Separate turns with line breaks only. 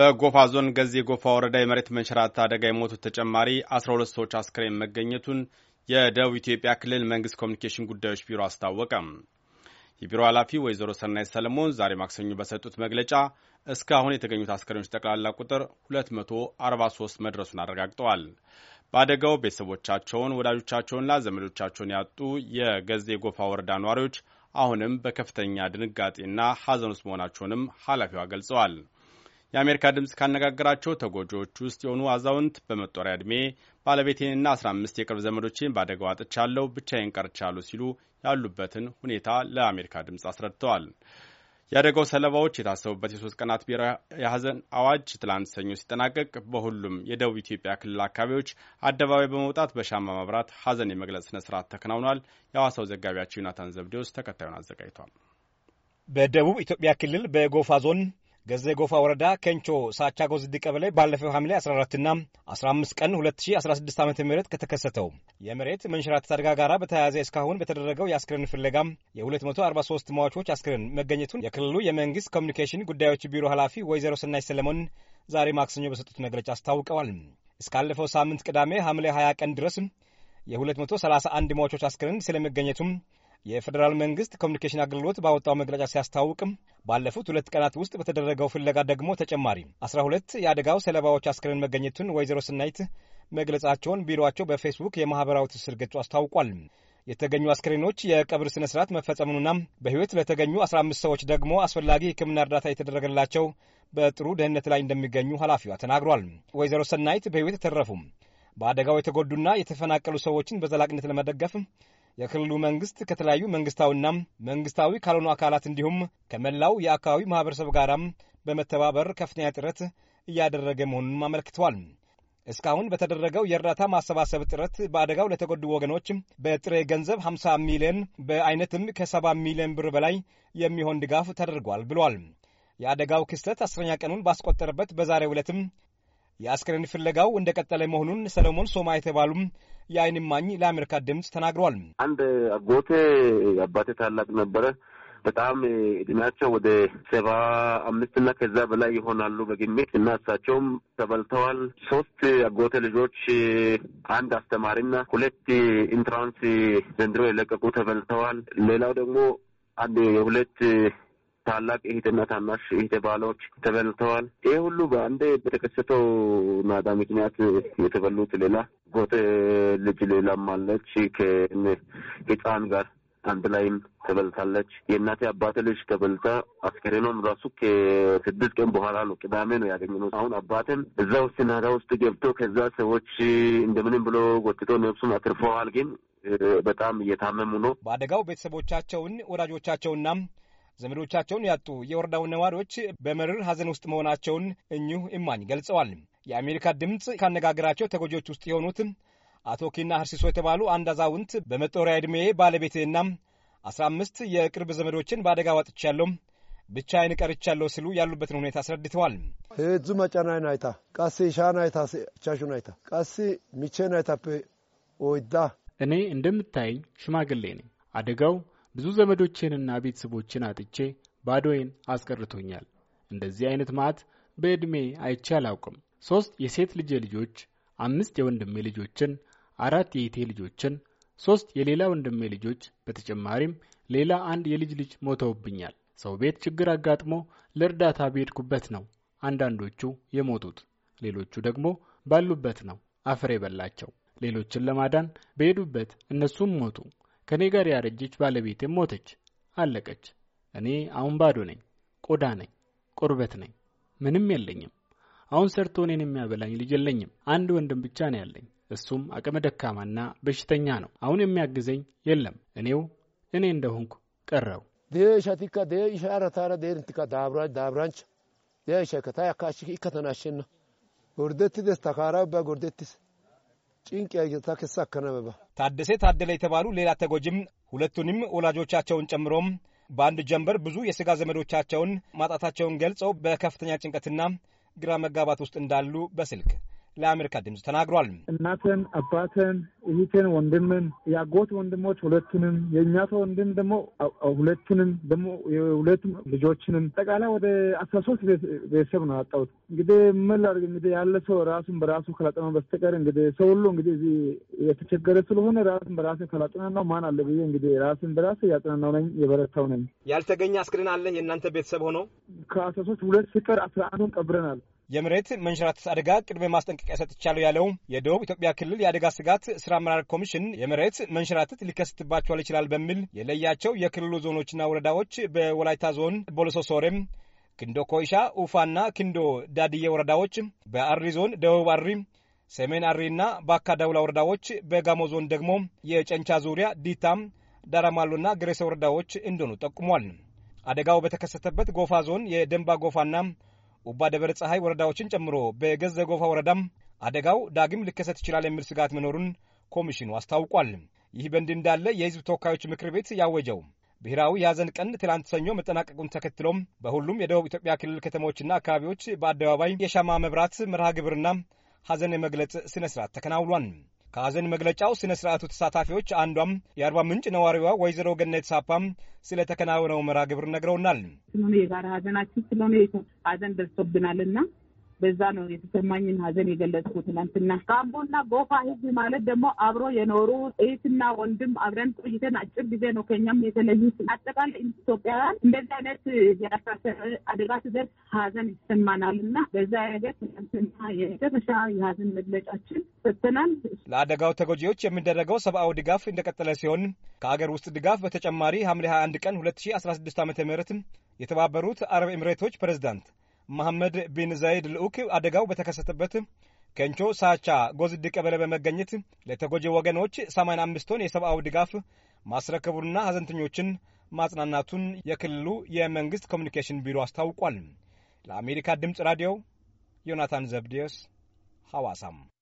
በጎፋ ዞን ገዜ ጎፋ ወረዳ የመሬት መንሸራተት አደጋ የሞቱት ተጨማሪ 12 ሰዎች አስክሬን መገኘቱን የደቡብ ኢትዮጵያ ክልል መንግስት ኮሚኒኬሽን ጉዳዮች ቢሮ አስታወቀ። የቢሮ ኃላፊ ወይዘሮ ሰናይ ሰለሞን ዛሬ ማክሰኞ በሰጡት መግለጫ እስካሁን የተገኙት አስከሬኖች ጠቅላላ ቁጥር 243 መድረሱን አረጋግጠዋል። በአደጋው ቤተሰቦቻቸውን ወዳጆቻቸውንና ዘመዶቻቸውን ያጡ የገዜ ጎፋ ወረዳ ነዋሪዎች አሁንም በከፍተኛ ድንጋጤና ሐዘን ውስጥ መሆናቸውንም ኃላፊዋ ገልጸዋል። የአሜሪካ ድምፅ ካነጋገራቸው ተጎጂዎች ውስጥ የሆኑ አዛውንት በመጦሪያ ዕድሜ ባለቤቴንና 15 የቅርብ ዘመዶችን በአደጋው አጥቻለሁ፣ ብቻዬን ቀርቻለሁ ሲሉ ያሉበትን ሁኔታ ለአሜሪካ ድምፅ አስረድተዋል። የአደጋው ሰለባዎች የታሰቡበት የሶስት ቀናት ብሔራዊ የሐዘን አዋጅ ትላንት ሰኞ ሲጠናቀቅ በሁሉም የደቡብ ኢትዮጵያ ክልል አካባቢዎች አደባባይ በመውጣት በሻማ ማብራት ሐዘን የመግለጽ ስነ ስርዓት ተከናውኗል። የሐዋሳው ዘጋቢያቸው ዮናታን ዘብዴዎስ ተከታዩን አዘጋጅቷል።
በደቡብ ኢትዮጵያ ክልል በጎፋ ዞን ገዜ ጎፋ ወረዳ ኬንቾ ሳቻ ጎዝዲ ቀበሌ ባለፈው ሐምሌ 14ና 15 ቀን 2016 ዓ ም ከተከሰተው የመሬት መንሸራተት አደጋ ጋር በተያያዘ እስካሁን በተደረገው የአስክሬን ፍለጋ የ243 ሟቾች አስክሬን መገኘቱን የክልሉ የመንግስት ኮሚኒኬሽን ጉዳዮች ቢሮ ኃላፊ ወይዘሮ ሰናይ ሰለሞን ዛሬ ማክሰኞ በሰጡት መግለጫ አስታውቀዋል። እስካለፈው ሳምንት ቅዳሜ ሐምሌ 20 ቀን ድረስ የ231 ሟቾች አስክሬን ስለመገኘቱም የፌዴራል መንግስት ኮሚኒኬሽን አገልግሎት ባወጣው መግለጫ ሲያስታውቅም ባለፉት ሁለት ቀናት ውስጥ በተደረገው ፍለጋ ደግሞ ተጨማሪ 12 የአደጋው ሰለባዎች አስክሬን መገኘቱን ወይዘሮ ስናይት መግለጻቸውን ቢሮቸው በፌስቡክ የማህበራዊ ትስስር ገጹ አስታውቋል። የተገኙ አስክሬኖች የቀብር ስነ ስርዓት መፈጸሙንና በህይወት ለተገኙ 15 ሰዎች ደግሞ አስፈላጊ ሕክምና እርዳታ የተደረገላቸው በጥሩ ደህንነት ላይ እንደሚገኙ ኃላፊዋ ተናግሯል። ወይዘሮ ሰናይት በህይወት የተረፉ በአደጋው የተጎዱና የተፈናቀሉ ሰዎችን በዘላቂነት ለመደገፍ የክልሉ መንግስት ከተለያዩ መንግስታዊና መንግስታዊ ካልሆኑ አካላት እንዲሁም ከመላው የአካባቢ ማህበረሰብ ጋራም በመተባበር ከፍተኛ ጥረት እያደረገ መሆኑንም አመልክተዋል። እስካሁን በተደረገው የእርዳታ ማሰባሰብ ጥረት በአደጋው ለተጎዱ ወገኖች በጥሬ ገንዘብ 50 ሚሊዮን በአይነትም ከ70 ሚሊዮን ብር በላይ የሚሆን ድጋፍ ተደርጓል ብሏል። የአደጋው ክስተት አስረኛ ቀኑን ባስቆጠረበት በዛሬው ዕለትም የአስክሬን ፍለጋው እንደቀጠለ መሆኑን ሰለሞን ሶማ የተባሉም የአይን ማኝ ለአሜሪካ ድምፅ ተናግሯል።
አንድ አጎቴ አባቴ ታላቅ ነበረ። በጣም እድሜያቸው ወደ ሰባ አምስትና ከዛ በላይ ይሆናሉ በግምት እና እሳቸውም ተበልተዋል። ሶስት አጎቴ ልጆች፣ አንድ አስተማሪና ሁለት ኢንትራንስ ዘንድሮ የለቀቁ ተበልተዋል። ሌላው ደግሞ አንድ የሁለት ታላቅ እህትና ታናሽ እህት ባሎች ተበልተዋል። ይህ ሁሉ በአንዴ በተከሰተው ናዳ ምክንያት የተበሉት ሌላ ጎት ልጅ ሌላም አለች ከህፃን ጋር አንድ ላይም ተበልታለች። የእናቴ አባት ልጅ ተበልታ አስከሬኖም ራሱ ከስድስት ቀን በኋላ ነው ቅዳሜ ነው ያገኘነው። አሁን አባትም እዛ ውስጥ ናዳ ውስጥ ገብቶ ከዛ ሰዎች እንደምንም ብሎ ጎትቶ ነብሱን አትርፈዋል። ግን በጣም እየታመሙ ነው።
በአደጋው ቤተሰቦቻቸውን ወዳጆቻቸውና ዘመዶቻቸውን ያጡ የወረዳው ነዋሪዎች በመርር ሐዘን ውስጥ መሆናቸውን እኚሁ እማኝ ገልጸዋል። የአሜሪካ ድምፅ ካነጋገራቸው ተጎጂዎች ውስጥ የሆኑት አቶ ኪና ህርሲሶ የተባሉ አንድ አዛውንት በመጦሪያ ዕድሜ ባለቤቴና አስራ አምስት የቅርብ ዘመዶችን በአደጋ ዋጥቻለሁ ብቻዬን ቀርቻለሁ ሲሉ ያሉበትን ሁኔታ አስረድተዋል።
ህዙ መጫናይ ናይታ ቃሲ ሻ ናይታ ቻሹ ናይታ ቃሲ ሚቼ ናይታ ወይዳ
እኔ እንደምታየኝ ሽማግሌ ነኝ። አደጋው ብዙ ዘመዶቼንና ቤተሰቦቼን አጥቼ ባዶዬን አስቀርቶኛል። እንደዚህ አይነት ማት በዕድሜ አይቼ አላውቅም። ሶስት የሴት ልጄ ልጆች፣ አምስት የወንድሜ ልጆችን፣ አራት የእህቴ ልጆችን፣ ሦስት የሌላ ወንድሜ ልጆች በተጨማሪም ሌላ አንድ የልጅ ልጅ ሞተውብኛል። ሰው ቤት ችግር አጋጥሞ ለእርዳታ በሄድኩበት ነው አንዳንዶቹ የሞቱት፣ ሌሎቹ ደግሞ ባሉበት ነው አፈር የበላቸው። ሌሎችን ለማዳን በሄዱበት እነሱም ሞቱ። ከእኔ ጋር ያረጀች ባለቤቴም ሞተች፣ አለቀች። እኔ አሁን ባዶ ነኝ፣ ቆዳ ነኝ፣ ቁርበት ነኝ፣ ምንም የለኝም። አሁን ሰርቶ እኔን የሚያበላኝ ልጅ የለኝም። አንድ ወንድም ብቻ ነው ያለኝ፣ እሱም አቅመ ደካማና በሽተኛ ነው። አሁን የሚያግዘኝ የለም። እኔው እኔ እንደሆንኩ ቀረው።
ዴሻቲካ ዴሻረታረ ዴንቲካ ዳብራች ዳብራንች ያካሽ ጭንቅ ያየታ ከሳከነበባ
ታደሰ ታደለ የተባሉ ሌላ ተጎጂም ሁለቱንም ወላጆቻቸውን ጨምሮም በአንድ ጀንበር ብዙ የስጋ ዘመዶቻቸውን ማጣታቸውን ገልጸው በከፍተኛ ጭንቀትና ግራ መጋባት ውስጥ እንዳሉ በስልክ ለአሜሪካ ድምፅ ተናግሯል።
እናትን፣ አባትን፣ እህትን፣ ወንድምን የአጎት ወንድሞች ሁለቱንም የእኛቶ ወንድም ደግሞ ሁለቱንም ደግሞ የሁለቱ ልጆችንም ጠቃላይ ወደ አስራ ሶስት ቤተሰብ ነው ያጣሁት። እንግዲህ ምን ላድርግ እንግዲህ ያለ ሰው ራሱን በራሱ ከላጠመ በስተቀር እንግዲህ ሰው ሁሉ እንግዲህ እዚህ የተቸገረ ስለሆነ ራሱን በራሱ ከላጠናናው ማን አለ ብዬ እንግዲህ ራሱን በራሱ እያጠናናው ነኝ የበረታው ነኝ።
ያልተገኘ አስክሬን አለ የእናንተ ቤተሰብ ሆኖ
ከአስራ ሶስት ሁለት ፍቅር አስራ አንዱን ቀብረናል።
የመሬት መንሸራተት አደጋ ቅድመ ማስጠንቀቂያ ሰጥቻለሁ ያለው የደቡብ ኢትዮጵያ ክልል የአደጋ ስጋት ስራ አመራር ኮሚሽን የመሬት መንሸራተት ሊከሰትባቸዋል ይችላል በሚል የለያቸው የክልሉ ዞኖችና ወረዳዎች በወላይታ ዞን ቦለሶ ሶሬም፣ ክንዶ ኮይሻ፣ ኡፋና ክንዶ ዳድዬ ወረዳዎች በአሪ ዞን ደቡብ አሪ ሰሜን አሪና ባካ ዳውላ ወረዳዎች በጋሞ ዞን ደግሞ የጨንቻ ዙሪያ ዲታም፣ ዳራማሎና ግሬሰ ወረዳዎች እንደሆኑ ጠቁሟል። አደጋው በተከሰተበት ጎፋ ዞን የደንባ ጎፋና ውባ ደብረ ፀሐይ ወረዳዎችን ጨምሮ በገዘ ጎፋ ወረዳም አደጋው ዳግም ሊከሰት ይችላል የሚል ስጋት መኖሩን ኮሚሽኑ አስታውቋል። ይህ በእንዲህ እንዳለ የሕዝብ ተወካዮች ምክር ቤት ያወጀው ብሔራዊ የሐዘን ቀን ትላንት ሰኞ መጠናቀቁን ተከትሎም በሁሉም የደቡብ ኢትዮጵያ ክልል ከተሞችና አካባቢዎች በአደባባይ የሻማ መብራት መርሃ ግብርና ሐዘን የመግለጽ ስነ ስርዓት ተከናውሏል። ከሐዘን መግለጫው ስነ ስርዓቱ ተሳታፊዎች አንዷም የአርባ ምንጭ ነዋሪዋ ወይዘሮ ገነት ሳፓም ስለተከናወነው መራ ግብር ነግረውናል።
የጋራ ሀዘናችን ስለሆነ ሀዘን ደርሶብናል እና በዛ ነው የተሰማኝን ሀዘን የገለጽኩ ትናንትና። ከአምቦና ጎፋ ህዝብ ማለት ደግሞ አብሮ የኖሩ እህትና ወንድም አብረን ቆይተን አጭር ጊዜ ነው ከኛም የተለዩት። አጠቃላይ ኢትዮጵያውያን እንደዚህ አይነት የአሳሰበ አደጋ ሲደርስ ሀዘን ይሰማናል እና በዛ ነገር ትናንትና የመጨረሻ የሀዘን መግለጫችን ሰጥተናል።
ለአደጋው ተጎጂዎች የሚደረገው ሰብአዊ ድጋፍ እንደቀጠለ ሲሆን ከአገር ውስጥ ድጋፍ በተጨማሪ ሐምሌ 21 ቀን 2016 ዓ ም የተባበሩት አረብ ኤምሬቶች ፕሬዝዳንት መሐመድ ቢን ዘይድ ልዑክ አደጋው በተከሰተበት ከንቾ ሳቻ ጎዝድ ቀበሌ በመገኘት ለተጎጂ ወገኖች 85 ቶን የሰብአዊ ድጋፍ ማስረከቡንና ሐዘንተኞችን ማጽናናቱን የክልሉ የመንግሥት ኮሚኒኬሽን ቢሮ አስታውቋል። ለአሜሪካ ድምፅ ራዲዮ ዮናታን ዘብዴዎስ ሐዋሳም